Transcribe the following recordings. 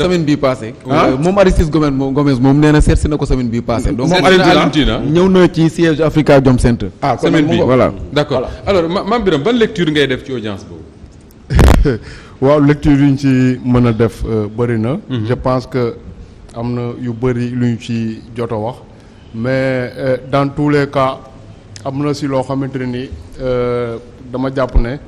semaine bii passé ah? euh, moom Aristide Gomes moom Gomes moom nee na seet si na ko semaine bii passé donc moom Aristide ñëw na ci siège Africa Jom Center ah semaine bi voilà d'accord alors Mame Birame ban lecture ngay def ci audience boobu waaw lecture yu ñu ci mën a def euh, bëri na mhm. je pense que am na yu bëri lu ñu ci jot a wax mais euh, dans tous les cas am na si loo xamante ne ni dama jàpp ne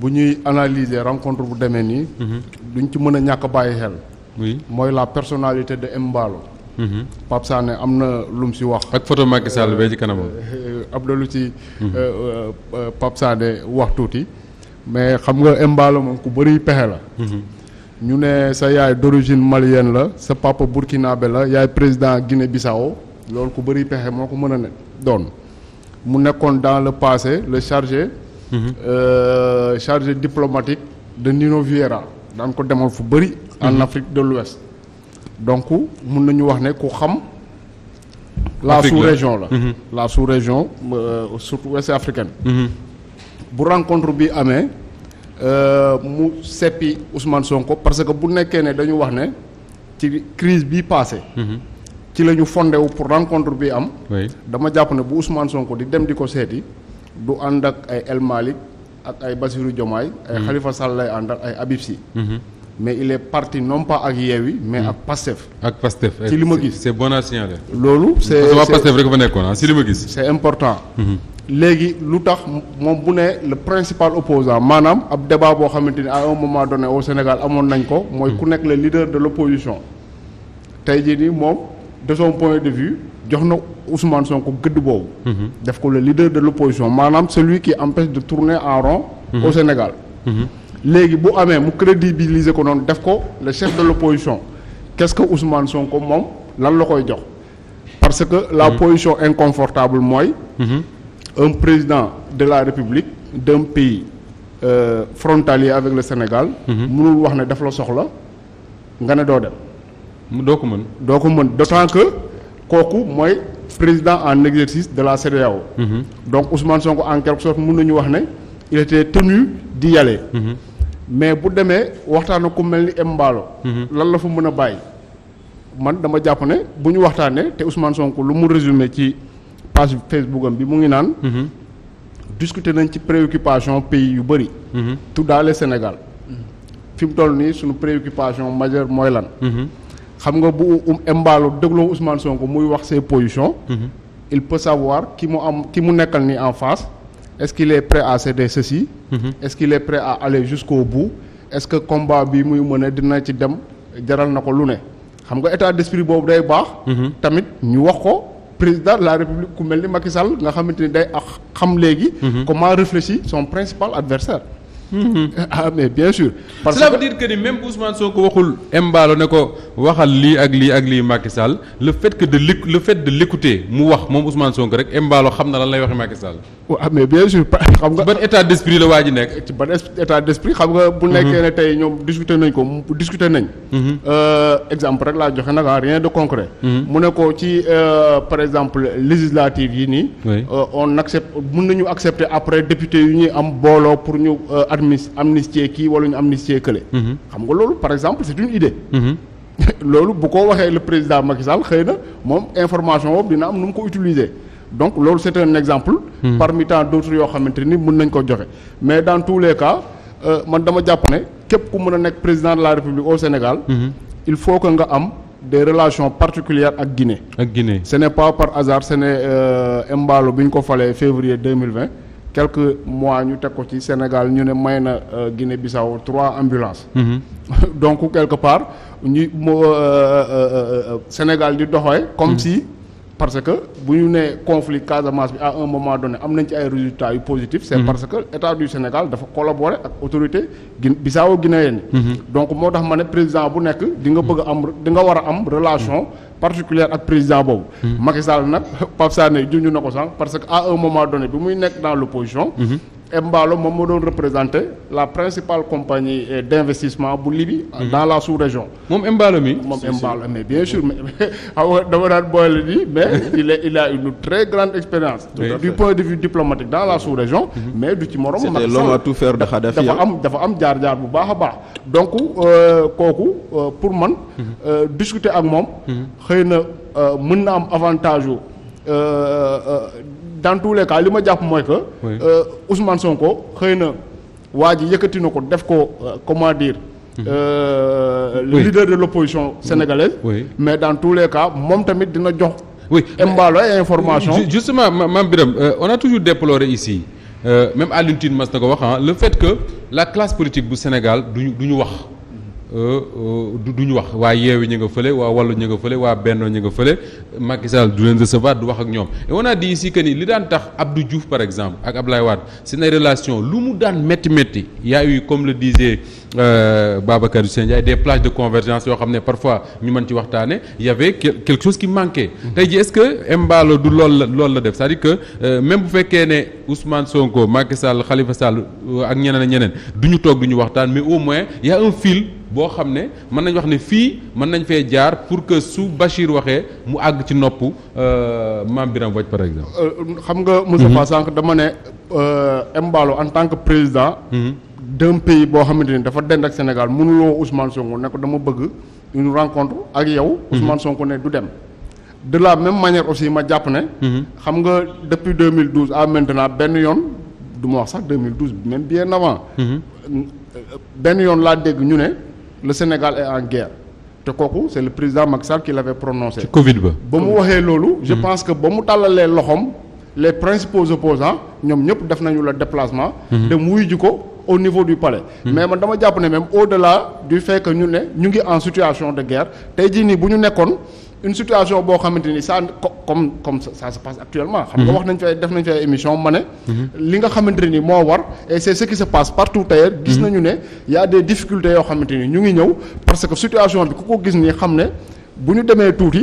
bu ñuy analyser rencontre bu demee nii mhm. duñ ci mën a ñàkk bàyyi xel oui mooy la personnalité de Embalo. Mhm. Pape Sané am na lu mu si wax. ak foto Macky Sall bee ci kanamam. Euh, euh, am na lu mhm. euh, wax tuuti mais xam nga Embalo moom ku bëri pexe la. Mhm. ñu ne sa yaay d'origine malienne la sa papa burkinabé la yaay président Guinée-Bissau loolu ku bëri pexe moo ko mën a ne doon mu nekkoon dans le passé le chargé. Euh, chargé diplomatique de Nino Vieira daan ko demal fu bëri. en mhm. Afrique de l'Ouest donc mun nañu wax ne ku xam la sous-région la mhm. la sous-région euh, surtout ouest africaine mhm. bu rencontre bi amee euh, mu seppi Ousmane Sonko parce que bu nekkee ne dañu wax ne ci crise bi passé ci la ñu fondé wu pour rencontre bi am dama jàpp ne bu Ousmane Sonko di dem di ko seeti du ànd ak ay El Malick ak ay basiru jomaay ay Khalifa Sall lay àndal ay Habib Sy mais il est parti non pas ak Yewwi mais hmm. ak Pastef. ak Pastef eh, ci li ma gis c'est bon à signaler. loolu c'est parce que waa rek fa nekkoon ah ci li ma gis. c'est important. Hmm. léegi lu tax moom bu ne le principal opposant maanaam ab débat boo xamante ni à un moment donné au Sénégal amoon nañ ko. mooy hmm. ku nekk le leader de l'opposition. tey jii nii moom de son point de vue jox na Ousmane Sonko gëdd boobu. def ko le leader de l'opposition maanaam celui qui empêche de tourner en rond. au Sénégal. léegi bu amee mu crédibiliser ko noonu def ko le chef de l'opposition qu'est-ce que Ousmane Sonko moom lan la koy jox parce que la mm-hmm. position inconfortable mooy mm-hmm. un président de la République d'un pays euh, frontalier avec le Sénégal mm-hmm. mënul wax ne daf la soxla nga ne doo dem doo ko mën doo ko mën d'autant que kooku mooy président en exercice de la CEDEAO donc Ousmane Sonko en quelque sorte mën nañu wax ne il était tenu d'y aller. mais bu demee waxtaan ku mel ni Mballo. Mhm. lan la fa mën a bàyyi. man dama jàpp ne bu ñu waxtaanee te Ousmane sonk lu mu résumé ci page Facebook am bi mu ngi naan. Mhm. discuter nañ ci préoccupation pays yu bëri. Mhm. tout dans Sénégal. fi mu toll nii suñu préoccupation majeure mooy lan. xam nga bu um, Mballo dégloo Ousmane Sonko muy wax ses positions. il peut savoir ki mu am ki mu nekkal nii en face. est-ce qu'il à céder ceci mhm. est-ce qu'il est prêt à aller jusqu'au bout est-ce que combat bi muy mën dina ci dem jaral na ko lu ne xam nga état d'esprit boobu day baax mhm. tamit ñu wax ko président de la république ku mel ni Macky Sall nga xamante ni day xam léegi mhm. comment réfléchir son principal adversaire Mm-hmm. ah mais bien sûr. parce que cela veut dire que ni même bu Ousmane Sonko waxul Mballo ne ko waxal lii ak lii ak lii Macky Sall le fait que de l' le fait de mu wax moom Ousmane Sonko rek Mballo xam na lan lay waxee Macky Sall. waaw ah, bien sûr xam nga. la waa ji nekk. ci mm-hmm. mm-hmm. euh, exemple rek laa joxe nag ah, rien de concret. mu ne ko ci euh, par exemple législative yi nii. Euh, on accepte mun nañu accepter après député yu ñuy am booloo pour ñu. armis amnistier kii wala ñu amnistier kële. Mhm. xam nga loolu par exemple c'est une idée. Mhm. loolu bu ko waxee le président Macky Sall xëy na moom information boobu dina am nu mu ko utiliser donc loolu c'est un exemple. Mhm. parmi tant d'autres yoo xamante ni mën nañ ko joxe mais dans tous euh, man dama jàpp ne képp ku mën a nekk président de la République au Sénégal. il faut que nga am. des relations particulières ak Guinée. ak Guinée ce pas par hasard ce n'est Embalo euh, ko falee février deux mille vingt quelques mois ñu teg ci Sénégal ñu ne may na euh, Guinée Bissau trois ambulances. Mm -hmm. donc quelque part ñu euh, euh, Sénégal di doxee. comme mhm. si. parce que bu ñu nee conflit Casamance bi à un moment donné am nañ ci ay résultats yu positifs. c' mhm. parce que état du Sénégal dafa collaborer ak autorité Guin Bissau guinéenne mhm. donc moo tax ma ne président bu nekk di bëgg a am di nga a am relation. Mhm. particulière ak président boobu. Macky Sall nag Pape Sané junj na ko sànq parce que à un moment donné bi muy nekk dans l' opposition. Embalo moom moo doon représenté la principale compagnie eh, d' investissement bu Libye. Mhm. dans la sous-région. moom Embalo mi. moom Embalo mais bien sûr mais xam nga ah dama daan boole ni mais il est il a une très grande expérience. du point de vue diplomatique dans la sous-région. Mhm. mais du ci moromu. Macky Sall l'homme à tout dafa am dafa am jaar jaar bu baax a baax. donc euh, kooku euh, pour man. Mhm. Euh, discuter ak moom. xëy na mën na am avantage yu. dans tous li ma jàpp mooy que. Euh, Ousmane ko xëy na waa ji yëkkati ko def ko euh, comment dire. Mhm. Euh, le oui. leader de l'opposition sénégalaise. mais dans tous les cas moom tamit dina jox. oui information. justement Mame ma euh, on a toujours déploré ici euh, même Alioune Tine mas na ko wax le fait que la classe politique bu Sénégal duñu ñu wax. Euh, euh, du ñu wax waa yeewi ñu nga fële waa wàllu ñu nga fële waa bennoo ñu nga fële Macky Sall du leen recevoir du wax ak ñoom et on a dit ici que ni li daan tax Abdou Diouf par exemple ak Abdoulaye Wade seen ay relation lu mu daan métti métti y a comme le disait euh, Babacar Hussein Ndiaye des plages de convergence yoo xam ne parfois ñu mën ci waxtaane y avait quelque chose qui manquait mm-hmm. tey ji est-ce du loolu la loolu la def c'est-à-dire que euh, même bu fekkee ne Ousmane Sonko Macky Sall Khalifa Sall euh, ak ñeneen ñeneen du ñu toog ñu waxtaan mais au moins y a boo xam ne mën nañ wax ne fii mën nañ fee jaar pour que su Bachir waxee mu àgg ci nopp euh, Mame Birame Wathie par exemple. Euh, xam nga. Moustapha mhm. Sànq dama ne Embalo euh, en tant que président. Mhm. d'un pays boo xamante ni dafa dend ak Sénégal mënuloo Ousmane Sonko ne dama bëgg une rencontre ak yow. Mhm. Ousmane Sonko ne du dem. de la même manière aussi ma jàpp ne. xam nga depuis 2012 à maintenant benn yoon du ma wax sax 2012 même bien avant. benn yoon laa dégg ñu ne. le Sénégal est en guerre te kooku c'est le président Macky Sall qui l'avait prononcé. ci Covid ba ba mu waxee loolu. je mm-hmm. pense que ba mu tàllalee loxoom les principaux opposants ñoom ñëpp def nañu le déplacement. Mm-hmm. dem wuyu ji ko au niveau du palais. Mm-hmm. mais man dama jàpp ne même au-delà du fait que ñu ne ñu ngi en situation de guerre tey jii nii bu ñu nekkoon. une situation boo xamante ni ça comme comme ça se passe actuellement. xam nga mhm. wax nañ fay def nañ fay émission ma ne. Mhm. li nga xamante ni moo war et c'est ce qui se passe partout ailleurs. gis mhm. nañu ne y a des difficultés yoo xamante ni ñu ngi ñëw parce que situation bi ku ko gis nii xam ne bu ñu demee tuuti.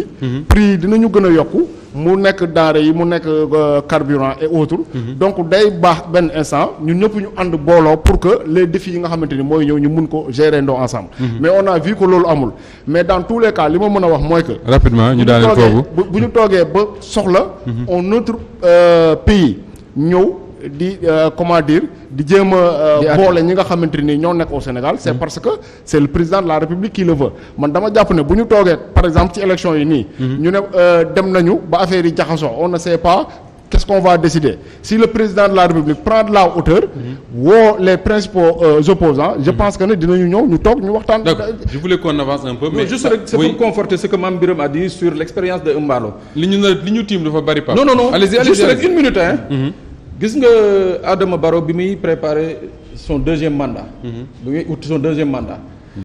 prix dinañu gën a yokku. mu nekk denrées yi mu nekk euh, carburant et autres mhm. donc day baax benn instant ñun ñëpp ñu ànd booloo pour que les défis yi nga xamante ni mooy ñëw ñu mun ko gérer ndoo ensemble mhm. mais on a vu loolu amul mais dans tous les cas li ma mën a wax mooy que rapidement ñu daaneel bu ñu toogee ba soxla mhm. un autre euh, pays ñëw di euh, comment di jéem a euh, boole ñi nga xamante ni ñoo nekk au Sénégal c'est mm-hmm. parce que c'est le président de la République qui le veut man dama jàpp ne bu ñu toogee par exemple ci élection yi nii mm-hmm. ñu ne euh, dem nañu ba affaire jaxasoo on ne sait pas qu'est-ce qu'on si le président de la République prend de la hauteur mm-hmm. woo les principaux opposants je pense que ne dinañu ñëw ñu toog ñu waxtaan mais juste rek c'est oui. pour ce que Mame Birame a gis nga Adama baro bi muy préparer son deuxième mandat. Mhm. bi muy ut son deuxième mandat.